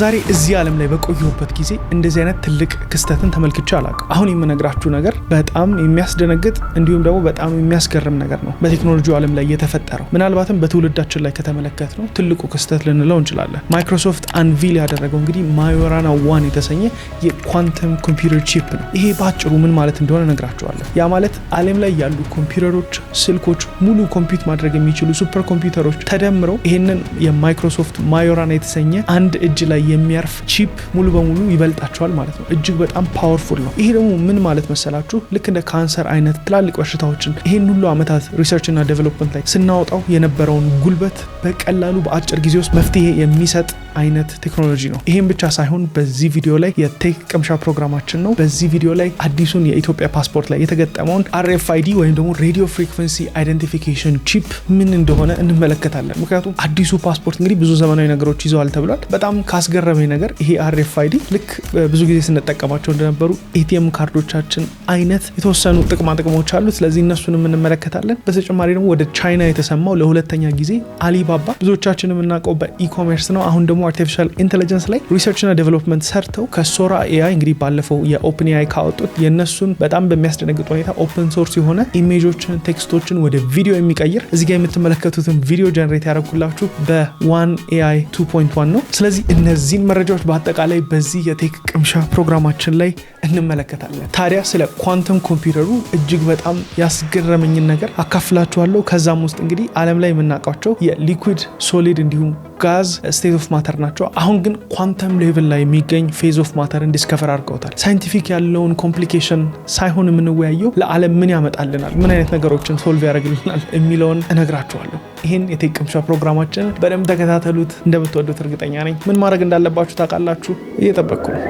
ዛሬ እዚህ ዓለም ላይ በቆየሁበት ጊዜ እንደዚህ አይነት ትልቅ ክስተትን ተመልክቼ አላውቅም። አሁን የምነግራችሁ ነገር በጣም የሚያስደነግጥ እንዲሁም ደግሞ በጣም የሚያስገርም ነገር ነው በቴክኖሎጂው ዓለም ላይ የተፈጠረው። ምናልባትም በትውልዳችን ላይ ከተመለከት ነው ትልቁ ክስተት ልንለው እንችላለን። ማይክሮሶፍት አንቪል ያደረገው እንግዲህ ማዮራና ዋን የተሰኘ የኳንተም ኮምፒውተር ቺፕ ነው። ይሄ በአጭሩ ምን ማለት እንደሆነ ነግራችኋለን። ያ ማለት ዓለም ላይ ያሉ ኮምፒውተሮች፣ ስልኮች ሙሉ ኮምፒውት ማድረግ የሚችሉ ሱፐር ኮምፒውተሮች ተደምረው ይህንን የማይክሮሶፍት ማዮራና የተሰኘ አንድ እጅ ላይ የሚያርፍ ቺፕ ሙሉ በሙሉ ይበልጣቸዋል ማለት ነው። እጅግ በጣም ፓወርፉል ነው። ይሄ ደግሞ ምን ማለት መሰላችሁ? ልክ እንደ ካንሰር አይነት ትላልቅ በሽታዎችን ይሄን ሁሉ ዓመታት ሪሰርችና ዴቨሎፕመንት ላይ ስናወጣው የነበረውን ጉልበት በቀላሉ በአጭር ጊዜ ውስጥ መፍትሄ የሚሰጥ አይነት ቴክኖሎጂ ነው። ይህም ብቻ ሳይሆን በዚህ ቪዲዮ ላይ የቴክ ቅምሻ ፕሮግራማችን ነው። በዚህ ቪዲዮ ላይ አዲሱን የኢትዮጵያ ፓስፖርት ላይ የተገጠመውን አርኤፍአይዲ ወይም ደግሞ ሬዲዮ ፍሪኩዌንሲ አይደንቲፊኬሽን ቺፕ ምን እንደሆነ እንመለከታለን። ምክንያቱም አዲሱ ፓስፖርት እንግዲህ ብዙ ዘመናዊ ነገሮች ይዘዋል ተብሏል። በጣም ካስገረመኝ ነገር ይሄ አርኤፍአይዲ ልክ ብዙ ጊዜ ስንጠቀማቸው እንደነበሩ ኤቲኤም ካርዶቻችን አይነት የተወሰኑ ጥቅማ ጥቅሞች አሉት። ስለዚህ እነሱንም እንመለከታለን። በተጨማሪ ደግሞ ወደ ቻይና የተሰማው ለሁለተኛ ጊዜ አሊባባ ብዙዎቻችን የምናውቀው በኢኮሜርስ ነው። አሁን ደግሞ አርቲፊሻል ኢንቴሊጀንስ ላይ ሪሰርችና ዴቨሎፕመንት ሰርተው ከሶራ ኤአይ እንግዲህ ባለፈው የኦፕን ኤአይ ካወጡት የእነሱን በጣም በሚያስደነግጥ ሁኔታ ኦፕን ሶርስ የሆነ ኢሜጆችን፣ ቴክስቶችን ወደ ቪዲዮ የሚቀይር እዚጋ የምትመለከቱትን ቪዲዮ ጀነሬት ያደረኩላችሁ በዋን ኤአይ 2.1 ነው። ስለዚህ እነዚህን መረጃዎች በአጠቃላይ በዚህ የቴክ ቅምሻ ፕሮግራማችን ላይ እንመለከታለን። ታዲያ ስለ ኳንተም ኮምፒውተሩ እጅግ በጣም ያስገረመኝን ነገር አካፍላችኋለሁ። ከዛም ውስጥ እንግዲህ ዓለም ላይ የምናውቃቸው የሊኩዊድ ሶሊድ እንዲሁም ጋዝ ስቴት ኦፍ ማተር ማተር ናቸው። አሁን ግን ኳንተም ሌቭል ላይ የሚገኝ ፌዝ ኦፍ ማተርን ዲስከቨር አድርገውታል። ሳይንቲፊክ ያለውን ኮምፕሊኬሽን ሳይሆን የምንወያየው ለዓለም ምን ያመጣልናል፣ ምን አይነት ነገሮችን ሶልቭ ያደርግልናል የሚለውን እነግራችኋለሁ። ይህን የቴክ ቅምሻ ፕሮግራማችንን በደንብ ተከታተሉት። እንደምትወዱት እርግጠኛ ነኝ። ምን ማድረግ እንዳለባችሁ ታውቃላችሁ። እየጠበቅኩ ነው።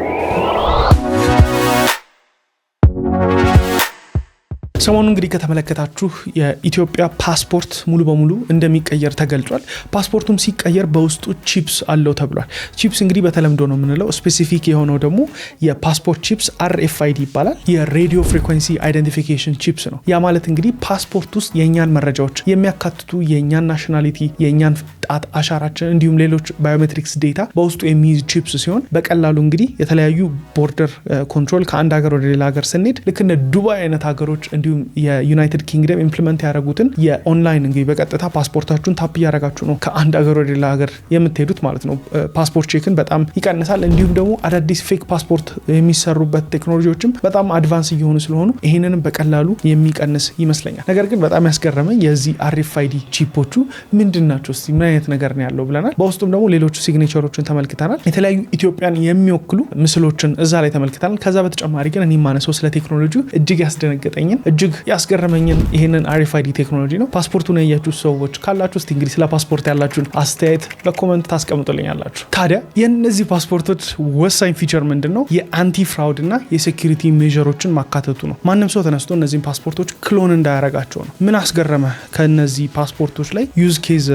ሰሞኑ እንግዲህ ከተመለከታችሁ የኢትዮጵያ ፓስፖርት ሙሉ በሙሉ እንደሚቀየር ተገልጿል። ፓስፖርቱም ሲቀየር በውስጡ ቺፕስ አለው ተብሏል። ቺፕስ እንግዲህ በተለምዶ ነው የምንለው። ስፔሲፊክ የሆነው ደግሞ የፓስፖርት ቺፕስ አርኤፍአይዲ ይባላል። የሬዲዮ ፍሪኩዌንሲ አይደንቲፊኬሽን ቺፕስ ነው። ያ ማለት እንግዲህ ፓስፖርት ውስጥ የእኛን መረጃዎች የሚያካትቱ የእኛን ናሽናሊቲ፣ የእኛን ጣት አሻራችን እንዲሁም ሌሎች ባዮሜትሪክስ ዴታ በውስጡ የሚይዝ ቺፕስ ሲሆን በቀላሉ እንግዲህ የተለያዩ ቦርደር ኮንትሮል ከአንድ ሀገር ወደ ሌላ ሀገር ስንሄድ ልክ እንደ ዱባይ አይነት ሀገሮች እንዲሁ እንዲሁም የዩናይትድ ኪንግደም ኢምፕሊመንት ያደረጉትን የኦንላይን እንግዲህ በቀጥታ ፓስፖርታችሁን ታፕ እያደረጋችሁ ነው ከአንድ ሀገር ወደ ሌላ ሀገር የምትሄዱት ማለት ነው። ፓስፖርት ቼክን በጣም ይቀንሳል። እንዲሁም ደግሞ አዳዲስ ፌክ ፓስፖርት የሚሰሩበት ቴክኖሎጂዎችም በጣም አድቫንስ እየሆኑ ስለሆኑ ይህንንም በቀላሉ የሚቀንስ ይመስለኛል። ነገር ግን በጣም ያስገረመኝ የዚህ አሪፋይዲ ቺፖቹ ምንድን ናቸው እስቲ ምን አይነት ነገር ነው ያለው ብለናል። በውስጡም ደግሞ ሌሎቹ ሲግኔቸሮችን ተመልክተናል። የተለያዩ ኢትዮጵያን የሚወክሉ ምስሎችን እዛ ላይ ተመልክተናል። ከዛ በተጨማሪ ግን እኔ ማነሰው ስለ ቴክኖሎጂ እጅግ ያስደነገጠኝን እጅ እጅግ ያስገረመኝን ይህንን አሪፋይዲ ቴክኖሎጂ ነው። ፓስፖርቱን ያያችሁ ሰዎች ካላችሁ እስቲ እንግዲህ ስለ ፓስፖርት ያላችሁን አስተያየት በኮመንት ታስቀምጡልኛላችሁ። ታዲያ የእነዚህ ፓስፖርቶች ወሳኝ ፊቸር ምንድን ነው? የአንቲ ፍራውድ እና የሴኪሪቲ ሜዥሮችን ማካተቱ ነው። ማንም ሰው ተነስቶ እነዚህን ፓስፖርቶች ክሎን እንዳያረጋቸው ነው። ምን አስገረመ ከእነዚህ ፓስፖርቶች ላይ ዩዝ ኬዝ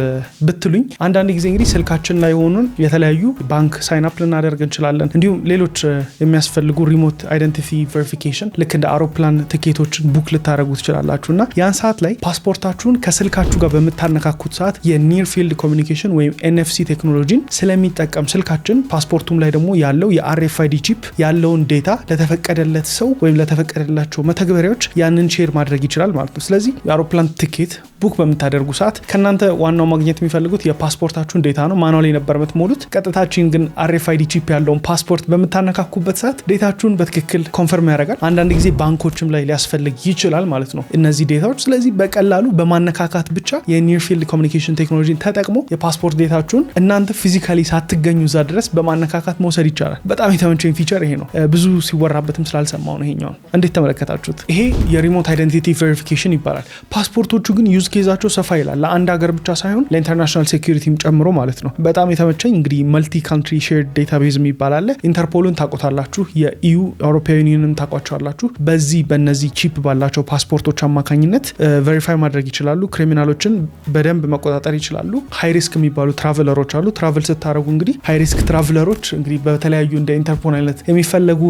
ብትሉኝ፣ አንዳንድ ጊዜ እንግዲህ ስልካችን ላይ ሆኑን የተለያዩ ባንክ ሳይን አፕ ልናደርግ እንችላለን። እንዲሁም ሌሎች የሚያስፈልጉ ሪሞት አይደንቲቲ ቬሪፊኬሽን ልክ እንደ አውሮፕላን ትኬቶችን ቡክ ልታደረጉ ትችላላችሁ እና ያን ሰዓት ላይ ፓስፖርታችሁን ከስልካችሁ ጋር በምታነካኩት ሰዓት የኒር ፊልድ ኮሚኒኬሽን ወይም ኤንኤፍሲ ቴክኖሎጂን ስለሚጠቀም ስልካችን ፓስፖርቱም ላይ ደግሞ ያለው የአርኤፍአይዲ ቺፕ ያለውን ዴታ ለተፈቀደለት ሰው ወይም ለተፈቀደላቸው መተግበሪያዎች ያንን ሼር ማድረግ ይችላል ማለት ነው። ስለዚህ የአውሮፕላን ትኬት ቡክ በምታደርጉ ሰዓት ከእናንተ ዋናው ማግኘት የሚፈልጉት የፓስፖርታችሁን ዴታ ነው። ማኗል የነበር የምትሞሉት ቀጥታችን ግን አርኤፍአይዲ ቺፕ ያለውን ፓስፖርት በምታነካኩበት ሰዓት ዴታችሁን በትክክል ኮንፈርም ያደርጋል። አንዳንድ ጊዜ ባንኮችም ላይ ሊያስፈልግ ይችላል ይችላል ማለት ነው እነዚህ ዴታዎች። ስለዚህ በቀላሉ በማነካካት ብቻ የኒር ፊልድ ኮሚኒኬሽን ቴክኖሎጂን ተጠቅሞ የፓስፖርት ዴታችሁን እናንተ ፊዚካሊ ሳትገኙ እዛ ድረስ በማነካካት መውሰድ ይቻላል። በጣም የተመቸኝ ፊቸር ይሄ ነው። ብዙ ሲወራበትም ስላልሰማው ነው። ይሄኛውን እንዴት ተመለከታችሁት? ይሄ የሪሞት አይደንቲቲ ቬሪፊኬሽን ይባላል። ፓስፖርቶቹ ግን ዩዝ ኬዛቸው ሰፋ ይላል። ለአንድ ሀገር ብቻ ሳይሆን ለኢንተርናሽናል ሴኩሪቲም ጨምሮ ማለት ነው። በጣም የተመቸኝ እንግዲህ መልቲ ካንትሪ ሼርድ ዴታቤዝ የሚባል አለ። ኢንተርፖልን ታቆታላችሁ፣ የኢዩ አውሮፓውያኑንም ታቋቸዋላችሁ። በዚህ በነዚህ ቺፕ ባላቸው ባላቸው ፓስፖርቶች አማካኝነት ቬሪፋይ ማድረግ ይችላሉ። ክሪሚናሎችን በደንብ መቆጣጠር ይችላሉ። ሀይ ሪስክ የሚባሉ ትራቨለሮች አሉ። ትራቨል ስታደረጉ እንግዲህ ሀይ ሪስክ ትራቨለሮች እንግዲህ በተለያዩ እንደ ኢንተርፖል አይነት የሚፈለጉ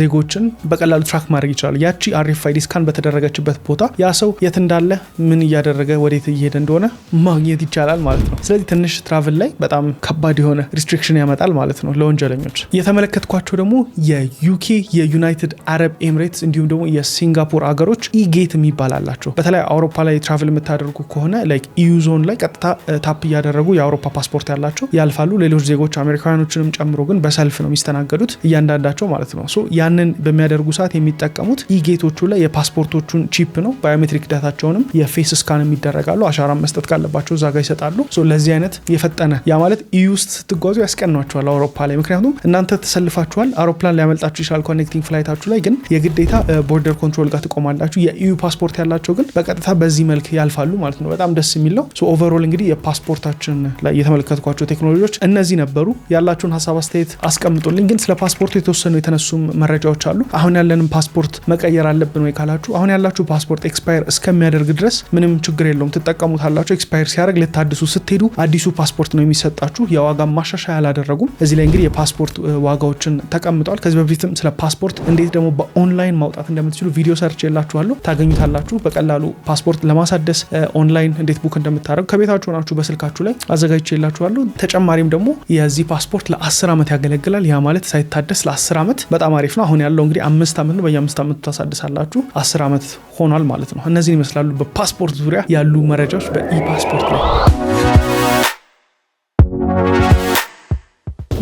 ዜጎችን በቀላሉ ትራክ ማድረግ ይችላሉ። ያቺ አሪፋይ ዲስካን በተደረገችበት ቦታ ያ ሰው የት እንዳለ፣ ምን እያደረገ፣ ወዴት እየሄደ እንደሆነ ማግኘት ይቻላል ማለት ነው። ስለዚህ ትንሽ ትራቨል ላይ በጣም ከባድ የሆነ ሪስትሪክሽን ያመጣል ማለት ነው ለወንጀለኞች። የተመለከትኳቸው ደግሞ የዩኬ የዩናይትድ አረብ ኤሚሬትስ እንዲሁም ደግሞ የሲንጋፖር አገ ሀገሮች ኢጌት የሚባል አላቸው። በተለይ አውሮፓ ላይ ትራቭል የምታደርጉ ከሆነ ላይክ ኢዩ ዞን ላይ ቀጥታ ታፕ እያደረጉ የአውሮፓ ፓስፖርት ያላቸው ያልፋሉ። ሌሎች ዜጎች አሜሪካውያኖችንም ጨምሮ ግን በሰልፍ ነው የሚስተናገዱት እያንዳንዳቸው ማለት ነው። ያንን በሚያደርጉ ሰዓት የሚጠቀሙት ኢጌቶቹ ላይ የፓስፖርቶቹን ቺፕ ነው። ባዮሜትሪክ ዳታቸውንም የፌስ ስካን የሚደረጋሉ። አሻራ መስጠት ካለባቸው እዛ ጋር ይሰጣሉ። ለዚህ አይነት የፈጠነ ያ ማለት ኢዩ ውስጥ ስትጓዙ ያስቀኗቸዋል አውሮፓ ላይ ምክንያቱም እናንተ ተሰልፋችኋል። አውሮፕላን ሊያመልጣችሁ ይችላል ኮኔክቲንግ ፍላይታችሁ ላይ ግን የግዴታ ቦርደር ኮንትሮል ጋር ትቆማል አላችሁ። የኢዩ ፓስፖርት ያላቸው ግን በቀጥታ በዚህ መልክ ያልፋሉ ማለት ነው። በጣም ደስ የሚል ነው። ኦቨሮል እንግዲህ የፓስፖርታችን ላይ የተመለከትኳቸው ቴክኖሎጂዎች እነዚህ ነበሩ። ያላችሁን ሀሳብ አስተያየት አስቀምጡልኝ። ግን ስለ ፓስፖርቱ የተወሰኑ የተነሱም መረጃዎች አሉ። አሁን ያለንም ፓስፖርት መቀየር አለብን ወይ ካላችሁ አሁን ያላችሁ ፓስፖርት ኤክስፓየር እስከሚያደርግ ድረስ ምንም ችግር የለውም ትጠቀሙታላችሁ። ኤክስፓየር ሲያደርግ ልታድሱ ስትሄዱ አዲሱ ፓስፖርት ነው የሚሰጣችሁ። የዋጋ ማሻሻያ አላደረጉም። እዚህ ላይ እንግዲህ የፓስፖርት ዋጋዎችን ተቀምጠዋል። ከዚህ በፊትም ስለ ፓስፖርት እንዴት ደግሞ በኦንላይን ማውጣት እንደምትችሉ ቪዲዮ ሰርች አድርጌላችኋለሁ ታገኙታላችሁ። በቀላሉ ፓስፖርት ለማሳደስ ኦንላይን እንዴት ቡክ እንደምታደረጉ ከቤታችሁ ሆናችሁ በስልካችሁ ላይ አዘጋጅቼላችኋለሁ። ተጨማሪም ደግሞ የዚህ ፓስፖርት ለአስር ዓመት ያገለግላል። ያ ማለት ሳይታደስ ለአስር ዓመት በጣም አሪፍ ነው። አሁን ያለው እንግዲህ አምስት ዓመት ነው። በየአምስት ዓመቱ ታሳድሳላችሁ። አስር ዓመት ሆኗል ማለት ነው። እነዚህን ይመስላሉ በፓስፖርት ዙሪያ ያሉ መረጃዎች በኢ ፓስፖርት ላይ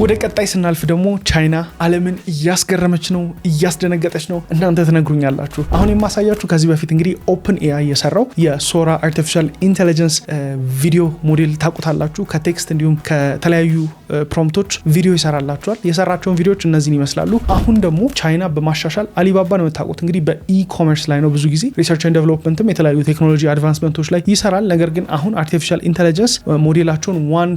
ወደ ቀጣይ ስናልፍ ደግሞ ቻይና ዓለምን እያስገረመች ነው፣ እያስደነገጠች ነው። እናንተ ትነግሩኛላችሁ። አሁን የማሳያችሁ ከዚህ በፊት እንግዲህ ኦፕን ኤአይ የሰራው የሶራ አርቲፊሻል ኢንቴሊጀንስ ቪዲዮ ሞዴል ታውቁታላችሁ። ከቴክስት እንዲሁም ከተለያዩ ፕሮምቶች ቪዲዮ ይሰራላቸዋል። የሰራቸውን ቪዲዮዎች እነዚህን ይመስላሉ። አሁን ደግሞ ቻይና በማሻሻል አሊባባ ነው የምታውቁት እንግዲህ በኢኮመርስ ላይ ነው ብዙ ጊዜ ሪሰርች ኤንድ ዴቨሎፕመንትም የተለያዩ ቴክኖሎጂ አድቫንስመንቶች ላይ ይሰራል። ነገር ግን አሁን አርቲፊሻል ኢንቴሊጀንስ ሞዴላቸውን ዋን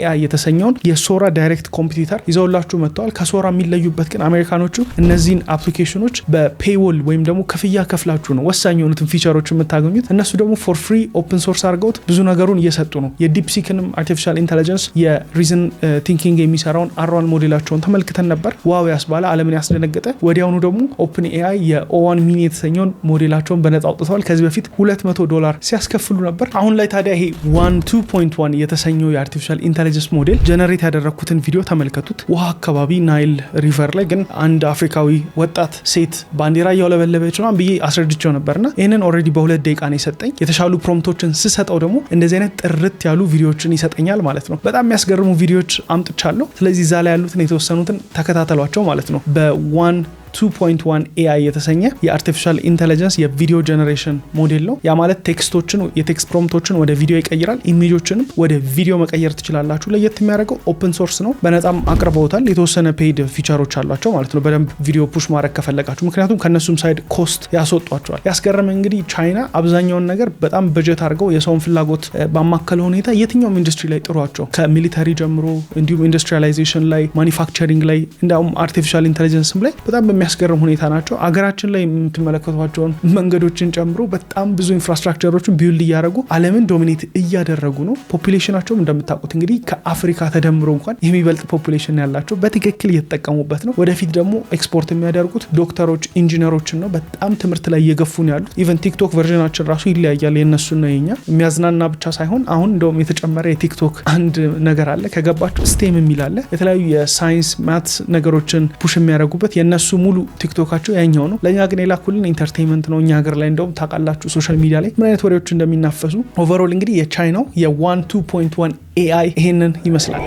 ኤአይ የተሰኘውን የሶራ ዳይሬክት ኮምፒቲተር ይዘውላችሁ መጥተዋል። ከሶራ የሚለዩበት ግን አሜሪካኖቹ እነዚህን አፕሊኬሽኖች በፔይወል ወይም ደግሞ ክፍያ ከፍላችሁ ነው ወሳኝ የሆኑትን ፊቸሮች የምታገኙት። እነሱ ደግሞ ፎር ፍሪ ኦፕን ሶርስ አድርገውት ብዙ ነገሩን እየሰጡ ነው። የዲፕሲክንም አርቲፊሻል ኢንቴሊጀንስ የሪዝን ሆሪዞን ቲንኪንግ የሚሰራውን አሯን ሞዴላቸውን ተመልክተን ነበር። ዋው ያስባለ አለምን ያስደነገጠ። ወዲያውኑ ደግሞ ኦፕን ኤአይ የኦዋን ሚኒ የተሰኘውን ሞዴላቸውን በነጻ አውጥተዋል። ከዚህ በፊት 200 ዶላር ሲያስከፍሉ ነበር። አሁን ላይ ታዲያ ይሄ 1 ቱ ዋን የተሰኘው የአርቲፊሻል ኢንቴሊጀንስ ሞዴል ጀነሬት ያደረግኩትን ቪዲዮ ተመልከቱት። ውሃ አካባቢ ናይል ሪቨር ላይ ግን አንድ አፍሪካዊ ወጣት ሴት ባንዲራ እያውለበለበች ነው ብዬ አስረድቸው ነበርና ይህንን ኦልሬዲ በሁለት ደቂቃ ነው የሰጠኝ። የተሻሉ ፕሮምቶችን ስሰጠው ደግሞ እንደዚህ አይነት ጥርት ያሉ ቪዲዮዎችን ይሰጠኛል ማለት ነው። በጣም የሚያስገርሙ ቪዲዮዎች አምጥቻለሁ። ስለዚህ እዛ ላይ ያሉትን የተወሰኑትን ተከታተሏቸው ማለት ነው በዋን 2.1 ኤአይ የተሰኘ የአርቲፊሻል ኢንቴሊጀንስ የቪዲዮ ጀኔሬሽን ሞዴል ነው። ያ ማለት ቴክስቶችን፣ የቴክስት ፕሮምቶችን ወደ ቪዲዮ ይቀይራል። ኢሜጆችንም ወደ ቪዲዮ መቀየር ትችላላችሁ። ለየት የሚያደርገው ኦፕን ሶርስ ነው። በነጻም አቅርበውታል። የተወሰነ ፔይድ ፊቸሮች አሏቸው ማለት ነው። በደንብ ቪዲዮ ፑሽ ማድረግ ከፈለጋችሁ፣ ምክንያቱም ከእነሱም ሳይድ ኮስት ያስወጧቸዋል። ያስገረመ እንግዲህ ቻይና አብዛኛውን ነገር በጣም በጀት አድርገው የሰውን ፍላጎት eh, ባማከለ ሁኔታ የትኛውም ኢንዱስትሪ ላይ ጥሯቸው ከሚሊተሪ ጀምሮ እንዲሁም ኢንዱስትሪላይዜሽን ላይ ማኒፋክቸሪንግ ላይ እንዲሁም አርቲፊሻል ኢንቴሊጀንስም ላይ በጣም በሚ የሚያስገርም ሁኔታ ናቸው። አገራችን ላይ የምትመለከቷቸውን መንገዶችን ጨምሮ በጣም ብዙ ኢንፍራስትራክቸሮችን ቢውልድ እያደረጉ አለምን ዶሚኔት እያደረጉ ነው። ፖፕሌሽናቸውም እንደምታውቁት እንግዲህ ከአፍሪካ ተደምሮ እንኳን የሚበልጥ ፖፕሌሽን ያላቸው በትክክል እየተጠቀሙበት ነው። ወደፊት ደግሞ ኤክስፖርት የሚያደርጉት ዶክተሮች፣ ኢንጂነሮችን ነው። በጣም ትምህርት ላይ እየገፉን ያሉት ኢቨን ቲክቶክ ቨርዥናችን ራሱ ይለያያል። ነው የኛ የሚያዝናና ብቻ ሳይሆን አሁን እንደውም የተጨመረ የቲክቶክ አንድ ነገር አለ ከገባቸው ስቴም የሚል አለ የተለያዩ የሳይንስ ማት ነገሮችን ፑሽ የሚያደርጉበት የነሱ ሙሉ ሙሉ ቲክቶካቸው ያኛው ነው። ለእኛ ግን የላኩልን ኢንተርቴንመንት ነው። እኛ ሀገር ላይ እንደውም ታውቃላችሁ ሶሻል ሚዲያ ላይ ምን አይነት ወሬዎች እንደሚናፈሱ። ኦቨሮል እንግዲህ የቻይናው የዋን ቱ ዋን ኤአይ ይሄንን ይመስላል።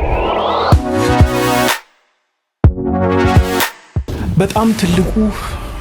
በጣም ትልቁ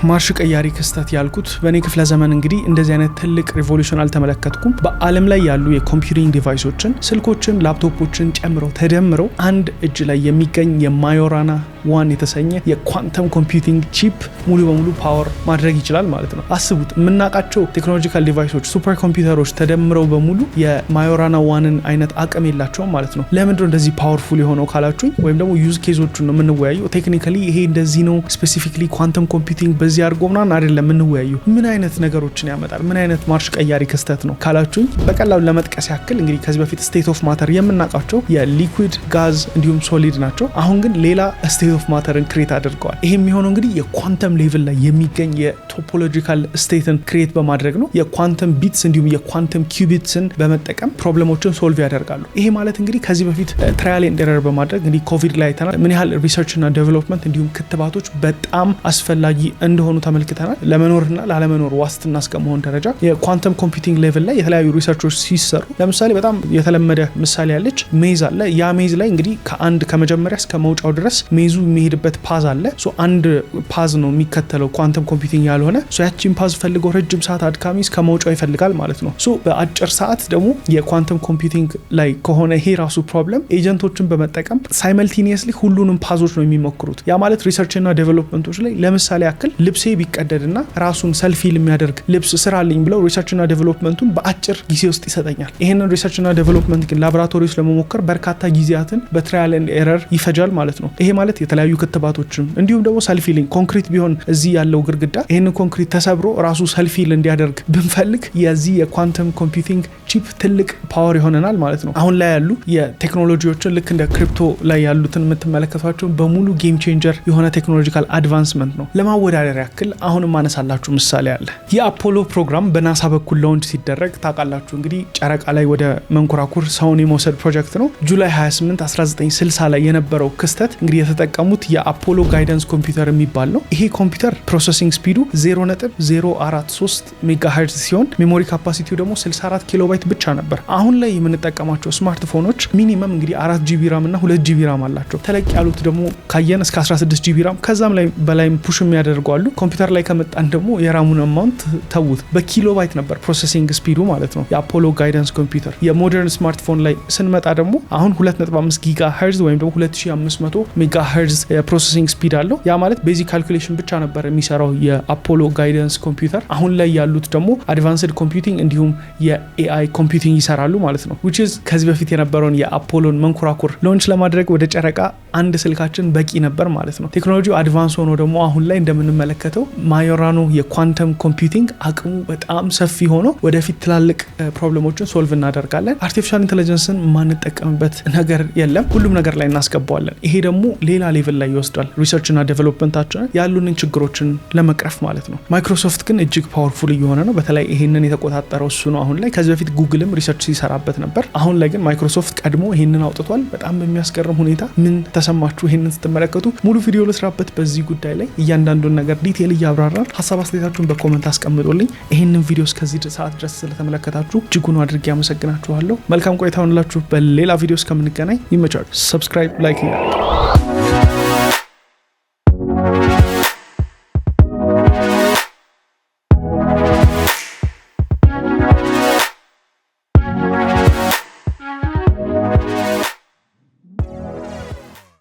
ማርሽ ቀያሪ ክስተት ያልኩት በእኔ ክፍለ ዘመን እንግዲህ እንደዚህ አይነት ትልቅ ሪቮሉሽን አልተመለከትኩም። በዓለም ላይ ያሉ የኮምፒውቲንግ ዲቫይሶችን ስልኮችን፣ ላፕቶፖችን ጨምረው ተደምረው አንድ እጅ ላይ የሚገኝ የማዮራና ዋን የተሰኘ የኳንተም ኮምፒውቲንግ ቺፕ ሙሉ በሙሉ ፓወር ማድረግ ይችላል ማለት ነው። አስቡት የምናውቃቸው ቴክኖሎጂካል ዲቫይሶች ሱፐር ኮምፒውተሮች ተደምረው በሙሉ የማዮራና ዋንን አይነት አቅም የላቸውም ማለት ነው። ለምንድነው እንደዚህ ፓወርፉል የሆነው ካላችሁኝ፣ ወይም ደግሞ ዩዝ ኬዞቹን ነው የምንወያየው። ቴክኒካሊ ይሄ እንደዚህ ነው ስፔሲፊክሊ ኳንተም ኮምፒውቲንግ በዚህ አድርጎ ምናምን አይደለም የምንወያየው። ምን አይነት ነገሮችን ያመጣል፣ ምን አይነት ማርሽ ቀያሪ ክስተት ነው ካላችሁኝ፣ በቀላሉ ለመጥቀስ ያክል እንግዲህ ከዚህ በፊት ስቴት ኦፍ ማተር የምናውቃቸው የሊኩዊድ ጋዝ እንዲሁም ሶሊድ ናቸው። አሁን ግን ሌላ ስቴት ኦፍ ማተርን ክሬት አድርገዋል። ይሄ የሚሆነው እንግዲህ የኳንተም ሌቭል ላይ የሚገኝ የቶፖሎጂካል ስቴትን ክሬት በማድረግ ነው። የኳንተም ቢትስ እንዲሁም የኳንተም ኪዩቢትስን በመጠቀም ፕሮብለሞችን ሶልቭ ያደርጋሉ። ይሄ ማለት እንግዲህ ከዚህ በፊት ትራያል ኤንድ ኤረር በማድረግ እንግዲህ ኮቪድ ላይ አይተናል ምን ያህል ሪሰርችና ዴቨሎፕመንት እንዲሁም ክትባቶች በጣም አስፈላጊ እንደሆኑ ተመልክተናል። ለመኖርና ላለመኖር ዋስትና እስከመሆን ደረጃ የኳንተም ኮምፒውቲንግ ሌቭል ላይ የተለያዩ ሪሰርቾች ሲሰሩ ለምሳሌ በጣም የተለመደ ምሳሌ ያለች ሜዝ አለ። ያ ሜዝ ላይ እንግዲህ ከአንድ ከመጀመሪያ እስከ መውጫው ድረስ ሜዙ የሚሄድበት ፓዝ አለ። አንድ ፓዝ ነው የሚከተለው ኳንተም ኮምፒውቲንግ ያልሆነ ያቺን ፓዝ ፈልገው ረጅም ሰዓት አድካሚ እስከ መውጫው ይፈልጋል ማለት ነው። በአጭር ሰዓት ደግሞ የኳንተም ኮምፒውቲንግ ላይ ከሆነ ይሄ ራሱ ፕሮብለም ኤጀንቶችን በመጠቀም ሳይመልቲኒየስሊ ሁሉንም ፓዞች ነው የሚሞክሩት። ያ ማለት ሪሰርችና ዴቨሎፕመንቶች ላይ ለምሳሌ ያክል ልብሴ ቢቀደድና ራሱን ሰልፊል የሚያደርግ ልብስ ስራልኝ ብለው ሪሰርችና ዴቨሎፕመንቱን በአጭር ጊዜ ውስጥ ይሰጠኛል። ይህንን ሪሰርችና ዴቨሎፕመንት ግን ላቦራቶሪ ውስጥ ለመሞከር በርካታ ጊዜያትን በትራያል ኤንድ ኤረር ይፈጃል ማለት ነው። ይሄ ማለት የተለያዩ ክትባቶችም እንዲሁም ደግሞ ሰልፊሊንግ ኮንክሪት ቢሆን እዚህ ያለው ግድግዳ ይህን ኮንክሪት ተሰብሮ ራሱ ሰልፊል እንዲያደርግ ብንፈልግ የዚህ የኳንተም ኮምፒውቲንግ ቺፕ ትልቅ ፓወር ይሆነናል ማለት ነው። አሁን ላይ ያሉ የቴክኖሎጂዎችን ልክ እንደ ክሪፕቶ ላይ ያሉትን የምትመለከቷቸውን በሙሉ ጌም ቼንጀር የሆነ ቴክኖሎጂካል አድቫንስመንት ነው። ለማወዳደር ያክል አሁንም ማነሳላችሁ ምሳሌ አለ። የአፖሎ ፕሮግራም በናሳ በኩል ላውንች ሲደረግ ታውቃላችሁ እንግዲህ ጨረቃ ላይ ወደ መንኮራኩር ሰውን የመውሰድ ፕሮጀክት ነው። ጁላይ 28 1960 ላይ የነበረው ክስተት እንግዲህ የተጠቀ የሚጠቀሙት የአፖሎ ጋይደንስ ኮምፒውተር የሚባል ነው። ይሄ ኮምፒውተር ፕሮሰሲንግ ስፒዱ 0.043 ሜጋሄርዝ ሲሆን ሜሞሪ ካፓሲቲው ደግሞ 64 ኪሎባይት ብቻ ነበር። አሁን ላይ የምንጠቀማቸው ስማርትፎኖች ሚኒመም እንግዲህ አራት ጂቢ ራም እና ሁለት ጂቢ ራም አላቸው። ተለቅ ያሉት ደግሞ ካየን እስከ 16 ጂቢ ራም ከዛም ላይ በላይም ፑሽ የሚያደርጉ አሉ። ኮምፒውተር ላይ ከመጣን ደግሞ የራሙን አማውንት ተዉት። በኪሎባይት ነበር ፕሮሰሲንግ ስፒዱ ማለት ነው የአፖሎ ጋይደንስ ኮምፒውተር። የሞደርን ስማርትፎን ላይ ስንመጣ ደግሞ አሁን 2.5 ጊጋ ሄርዝ ወይም ደግሞ 2500 ሜጋ ሄርዝ ሄርዝ ፕሮሰሲንግ ስፒድ አለው። ያ ማለት ቤዚክ ካልኩሌሽን ብቻ ነበር የሚሰራው የአፖሎ ጋይደንስ ኮምፒውተር። አሁን ላይ ያሉት ደግሞ አድቫንስድ ኮምፒውቲንግ እንዲሁም የኤአይ ኮምፒውቲንግ ይሰራሉ ማለት ነው። ዊች ኢዝ ከዚህ በፊት የነበረውን የአፖሎን መንኮራኩር ሎንች ለማድረግ ወደ ጨረቃ አንድ ስልካችን በቂ ነበር ማለት ነው። ቴክኖሎጂው አድቫንስ ሆኖ ደግሞ አሁን ላይ እንደምንመለከተው ማዮራኑ የኳንተም ኮምፒውቲንግ አቅሙ በጣም ሰፊ ሆኖ ወደፊት ትላልቅ ፕሮብለሞችን uh, ሶልቭ እናደርጋለን። አርቲፊሻል ኢንቴሊጀንስን ማንጠቀምበት ነገር የለም፣ ሁሉም ነገር ላይ እናስገባዋለን። ይሄ ደግሞ ሌላ ሌቭል ላይ ይወስዳል። ሪሰርችና ዴቨሎፕመንታችንን ያሉንን ችግሮችን ለመቅረፍ ማለት ነው። ማይክሮሶፍት ግን እጅግ ፓወርፉል እየሆነ ነው። በተለይ ይህንን የተቆጣጠረው እሱ ነው። አሁን ላይ ከዚህ በፊት ጉግልም ሪሰርች ሲሰራበት ነበር። አሁን ላይ ግን ማይክሮሶፍት ቀድሞ ይህንን አውጥቷል። በጣም በሚያስገርም ሁኔታ ምን ተሰማችሁ ይህንን ስትመለከቱ? ሙሉ ቪዲዮ ልስራበት በዚህ ጉዳይ ላይ እያንዳንዱን ነገር ዲቴል እያብራራል። ሀሳብ አስተያየታችሁን በኮመንት አስቀምጦልኝ። ይህንን ቪዲዮ እስከዚህ ሰዓት ድረስ ስለተመለከታችሁ እጅጉን አድርጌ አመሰግናችኋለሁ። መልካም ቆይታ ሆንላችሁ። በሌላ ቪዲዮ እስከምንገናኝ ይመቻሉ። ሰብስክራይብ፣ ላይክ